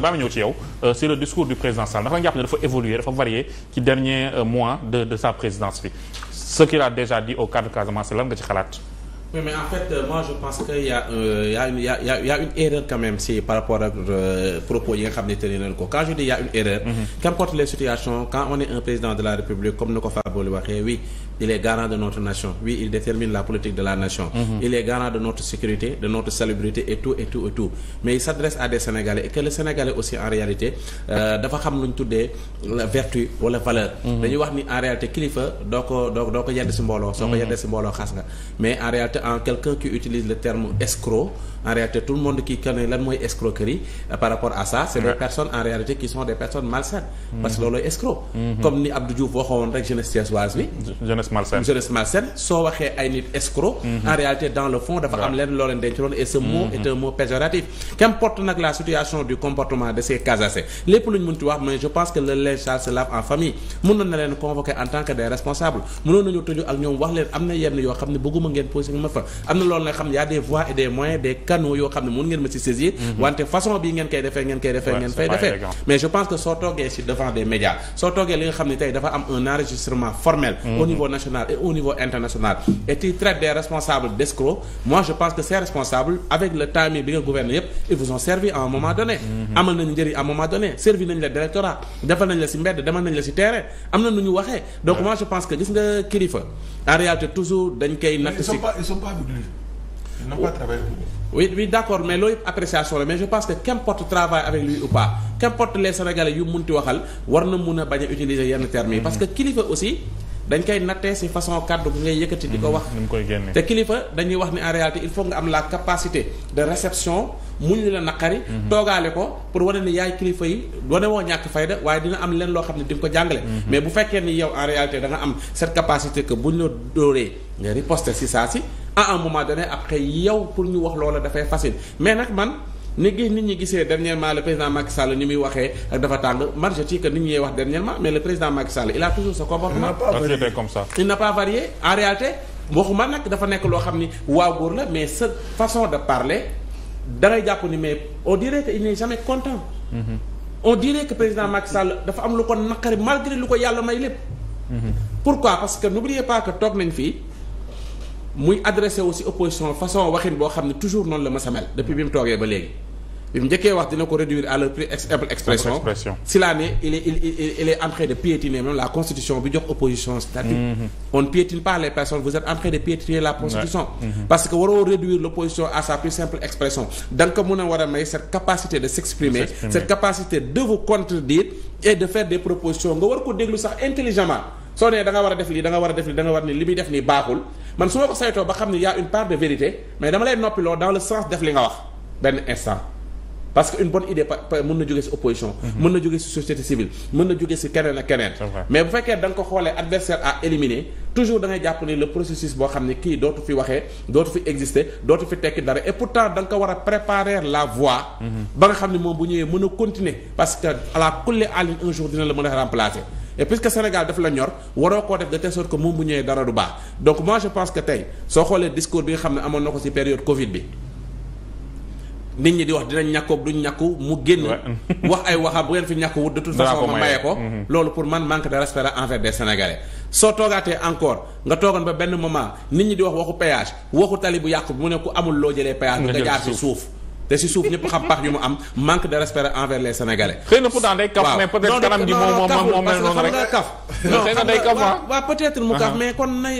que baa euh, le discours du président Sall ndax da nga jàpp ne dafa évoluer dafa varier dernier euh, mois de de sa présidence bi ce qu'il a déjà dit au cadre de Casamance lan nga ci xalaat. mais en fait euh, je pense que y' a a a a une erreur quand même si par rapport ak euh, propos yi nga xam ne tenir nañu ko quand je dis y' a une erreur. Mm -hmm. les situations quand on est un président de la République comme ni ko Fabio waxee oui. il est garant de notre nation oui mhm. il est garant de notre sécurité de notre salubrité et tout et tout et tout mais il s'adresse à des Sénégalais et que les Sénégalais aussi en réalité euh, dafa xam lu ñu tuddee vertu wala valeur mhm. dañuy wax ni en réalité kilifa doo ko doo doo ko yedd si mbooloo soo ko mhm. yeddee si mbooloo xas nga mais en réalité en quelqu'un qui utilise le terme escroc en réalité tout monde qui connaît lan mooy escroquerie euh, par rapport à ça c'est des personnes jeunesse malsaine jeunesse malsaine soo waxee ay nit escroc. Mhm. en réalité dans le fond dafa am leen loo leen dencoon mhm. comportement de ces casacés lépp lu ñu mënti wax mais je pense que le linge sale se en famille mënoon na leen convoquer en tant que des responsables mënoon nañu tëju ak ñoom wax leen am na yenn yoo xam ne bëgguma ngeen posé ma fa am na loolu nga xam ne y a des voies et des moyens yoo xam ne mën ngeen ma si saisir mhm. wante façon bii ngeen koy defee ngeen national et au niveau international et tu traites des responsables d'escrocs moi je pense que ces responsables avec le timing bi nga gouverner yëpp ils vous ont servi à moment donné mhm. amal nañu njëriñ à moment donné servi nañu la directorat defal nañu la ci mbedd demal nañu la ci terrain am na nu ñu waxee donc moi je pense que gis nga kilifa en réalité toujours dañ koy natt ci Ils n'ont mais loolu appréciation la mais je pense que qu'importe travaille avec lui ou na mun a que mhm. dañ koy nattee si façon kàddu gi ngay yëkkati di ko mhm. wax te kilifa dañuy wax ni en réalité il faut nga am la capacité de réception muñ la naqari mhm. toogaale ko pour wane ni yaay kilifa yi wane woo ñàkk fayda waaye dina am leen loo xam ne di ko jàngale mhm. mais bu fekkee ni yow en réalité da am cette capacité que ñu la dóoree nga riposter si saa si à un moment donné après yow pour ñu wax loola dafay facile mais nag man ni gis nit ñi gisee dernièrement le président Macky Sall ni muy waxee ak dafa tàng man je dis que nit ñi wax dernièrement mais le a toujours ce comportement. il n'a pas comme nag dafa nekk loo xam ni waa góor la mais sa façon de parler dangay jàpp ni mais on dirait que il n'est jamais content. Mm-hmm. on dirait Sall dafa am lu ko naqari malgré lu ko yàlla may lépp. Mm-hmm. pourquoi parce que n'oubliez pas que toog nañ fii. muy adressé aussi opposition façon waxin boo xam ne toujours noonu la ma samel depuis bi mu toogee ba léegi bi mu njëkkee wax dina ko réduire à leur plus simple expression si la ne il est il il est en train de piétiner même la constitution bi jox opposition statut mhm. on ne piétine pas vous êtes en train de piétiner la constitution mhm. parce que waroo réduire l'opposition à sa plus simple expression da ko mën a war a may cette capacité de s'exprimer cette capacité de vous contredire et de faire des propositions nga war ko déglu sax intelligemment soo nee da war a def lii da nga a def lii li nii baaxul man su ma ko saytoo ba xam parce que une bonne idée mën na jóge ci opposition. Mhm. mën na jóge ci société civile mën na jóge ci keneen ak keneen. mais bu fekkee da ko xoolee adversaire à éliminer toujours da ngay jàpp ni le processus boo xam ne kii dootu fi waxee dootu fi exister dootu fi tekki dara et pourtant da nga ko war a préparer la voie. Mhm. ba nga xam ne moom bu ñëwee mën a continuer parce que à la kulli àllin un jour dina la mën a remplacer. et puisque Sénégal daf waroo koo def de telle ñëwee dara du baax donc moi je pense tey soo xoolee discours bi nga xam ne amoon na ko ci nit ñi di wax dinañ ñàkkoog duñ ñàkku mu génn wax ay waxam bu ngeen fi ñàkku wut de toute façon ma maye ko mhm. loolu pour man manque de respect la envers des sénégalais soo toogaatee encore nga toogoon ba benn moment nit ñi di wax waxu péage waxu tali bu yàqu bi mu ne ku amul loo jëlee péage bi nga jaar ci suuf te si suuf ñëpp xam pax yu mu am manque de respect envers les sénégalais. xëy na pourtant day kaf mais peut-être kaf ah. uh-huh. mais kon na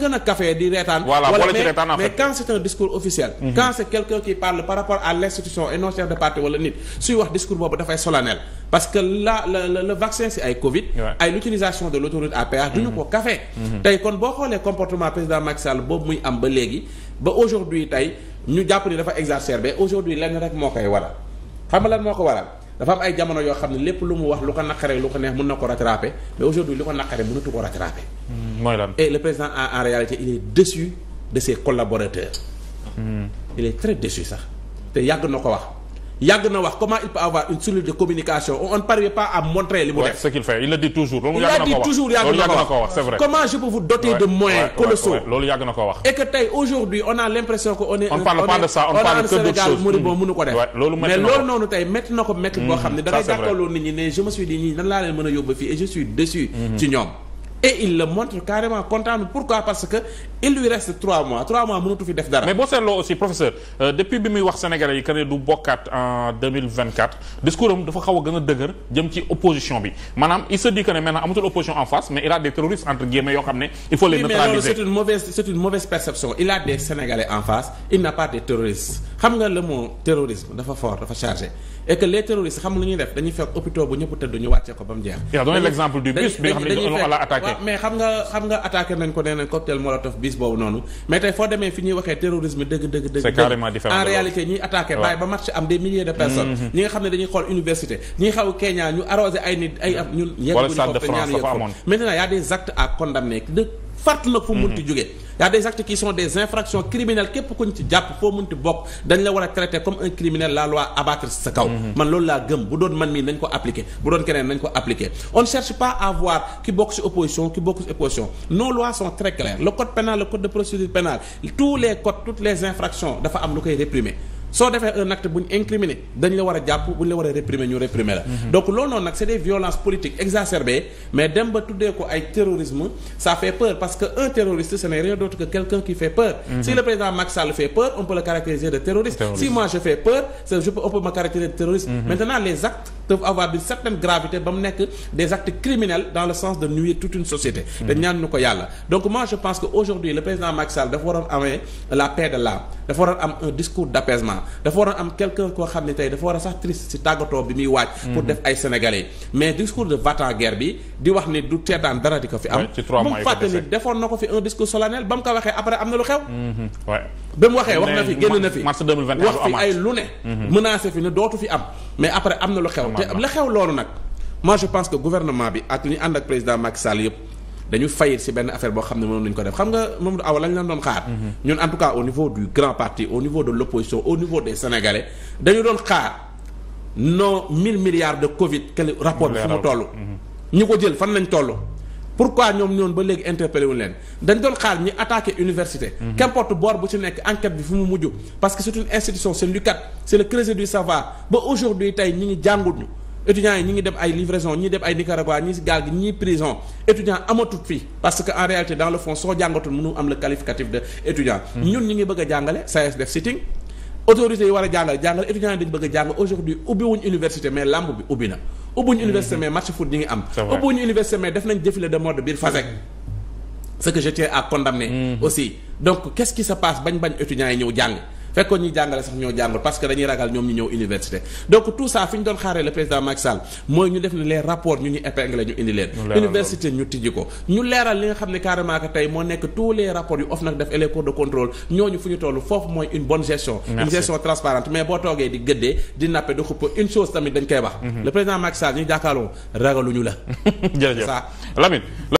gën a kafee di reetaan. voilà boole ci reetaan en fait mais quand c'est un discours officiel. Uh-huh. quand c'est quelqu'un qui parle par rapport à l'institution et non de parti wala nit suy wax discours boobu dafay solennel parce que la la le vaccin si ay Covid. ay l'utilisation de l'autoroute à péage duñu uh-huh. ko kafee. tey kon boo xoolee comportement président Macky Sall ba léegi. ba aujourd'hui tey ñu jàpp ni dafa exacerbé aujourd'hui lenn rek moo koy waral xam lan moo ko waral dafa am ay jamono yoo xam ne lépp lu mu wax lu ko naqaree lu ko neex mun na ko rattraper mais aujourd'hui lu ko naqaree mënatu ko rattraper. Hmm, mooy lan et le président en en réalité il est déçu de ses collaborateurs. Hmm. il est très déçu sax te yàgg na ko wax. yàgg na wax comment il peut avoir une cellule de communication on ne pas à montrer li mu def. ce qu'il fait il le dit toujours. loolu na ko a toujours yàgg na ko wax c'est vrai. comment je peux vous doter de moyens colossaux loolu yàgg na ko wax. et que tey aujourd'hui on a l'impression que on est. on ne parle pas de ça ko def. mais loolu noonu tey métti na ko métti boo hmm, xam ne. ça c'est nit ñi ne je me suis dit ñii nan laa leen mën a yóbbu fii et je suis e il le montre carrément kontaan pourquoi parce que il lui reste trois mois trois mois mënatu fi def dara. mais boo seetloo aussi professeur euh, depuis bi muy wax sénégalais yi que du bokkaat en deux mille vingt quatre discours dafa xaw a gën a dëgër jëm ci opposition bi maanaam il se dit que ne maintenant amatul opposition en face mais il a des terroristes entre guillemets yoo xam ne. il faut les oui, neutraliser mais en face il n'a pas de terroristes xam nga le mot Ah, mais xam nga xam nga attaqué nañ ko nee nañ cocktail molotov bis boobu noonu mais tey foo demee fi ñuy waxee terrorisme dëgg dëgg dëgg c'est carrément différent en réalité ñuy attaqué bàyyi ba match am des milliers de personnes mm-hmm. ñi nga xam ne dañuy xool université ñi nga xaw ñu arrosé ay nit ay am ñun yegguñu foofu yegg foofu maintenant y a des actes à condamner de fàtt fu mm-hmm. munti jógee y a des actes qui sont des infractions criminelles képp ku ñu ci jàpp foo munti bokk dañ la war a traiter comme un criminel la loi abattre sa kaw. Mhm. man loolu laa gëm bu doon man mii nañ ko appliquer bu doon keneen nañ ko appliquer on ne cherche pas à voir ki bokk ci opposition ki bokk ci opposition nos lois sont très claires le code pénal le code de procédure pénale tous les codes toutes les infractions dafa am lu koy réprimer. soo defee un acte bu ñu incriminé dañ la war a jàpp bu ñu la war a réprimer ñu réprimer la. Mhm. donc loolu nag c' est des violences politiques exacerbées mais dem ba tuddee ko ay terrorisme ça fait peur parce que un terroriste ce n' est rien d' autre que quelqu' un qui fait peur. Mhm. si le président Macky fait peur on peut le caractériser de terroriste. si moi je fais peur c' est je peux on caractériser de terroriste. Mhm. maintenant les actes. peuvent avoir une certaine gravité ba mu nekk des actes criminels dans le sens de nuire toute une société te ñaan ñu ko yàlla donc moi je pense que aujourd'hui le président Macky dafa waroon amee la paix de dafa waroon am un discours d'apaisement dafa waroon am quelqu'un koo xam ne tey dafa war sax triste ci tàggatoo bi muy waaj hmm. pour def ay sénégalais mais discours de va guerre bi di wax ni du teetaan dara di ko fi am moom fàttali defoon na ko fi ko hmm, hmm, fi mais après am na lu xew te la xew loolu nag moi je pense que gouvernement bi ak ñu ànd ak président Macky Sall yëpp dañu fayit si benn affaire boo xam ne moom lañu ko def xam nga moom aw lañ leen doon xaar mhm. ñun en tout cas au niveau du grand parti au niveau de l'opposition au niveau des sénégalais dañu doon xaar non mille milliards de covid que rapport bi fu mu toll mhm. ñi ko jël fan lañ toll pourquoi ñoom ñoon ba léegi interpellé wuñ leen dañ doon xaar ñi attaqué université mhm. qu'importe boor bu ci nekk enquête bi fu mu mujj parce que c'est une institution c'est l'UCAD c'est le creuset du savoir ba aujourd'hui tey ñi ngi jàngut ñu étudiants yi ñi ngi dem ay livraison ñi dem ay Nicaragua ñi si gaal gi ñi prison étudiant amatut fii parce que en réalité dans le fond soo jàngatul mënu am le qualificatif de étudiant mhm. ñun ñi ngi bëgg a jàngale SAES def sitting autorités yi war dañ bëgg a jàng ubbi wuñ université mais lamb bi ubbi na ëbbuñu université mais match foot ñi ngi am ëbbuñu université mais def nañ défilé de mode biir Fasek mm. ce que je tiens à mm. aussi donc qu'est-ce qui se passe bañ bañ étudiants yi ñëw jàng fekkoon ñi jàngale sax ñoo jàngul parce que dañuy ragal ñoom ñu ñëw université donc tout ça fi ñu doon xaaree le président Macky mooy ñu def ne les rapports ñu ñu épinglé ñu indi leen université ñu tijji ko ñu leeral li nga xam ne carrément tey moo nekk tous les rapports yu OFNAC def et les cours de fu ñu toll foofu mooy une bonne gestion une gestion transparente mais boo toogee di gëddee di nappe di xupp une chose tamit dañ koy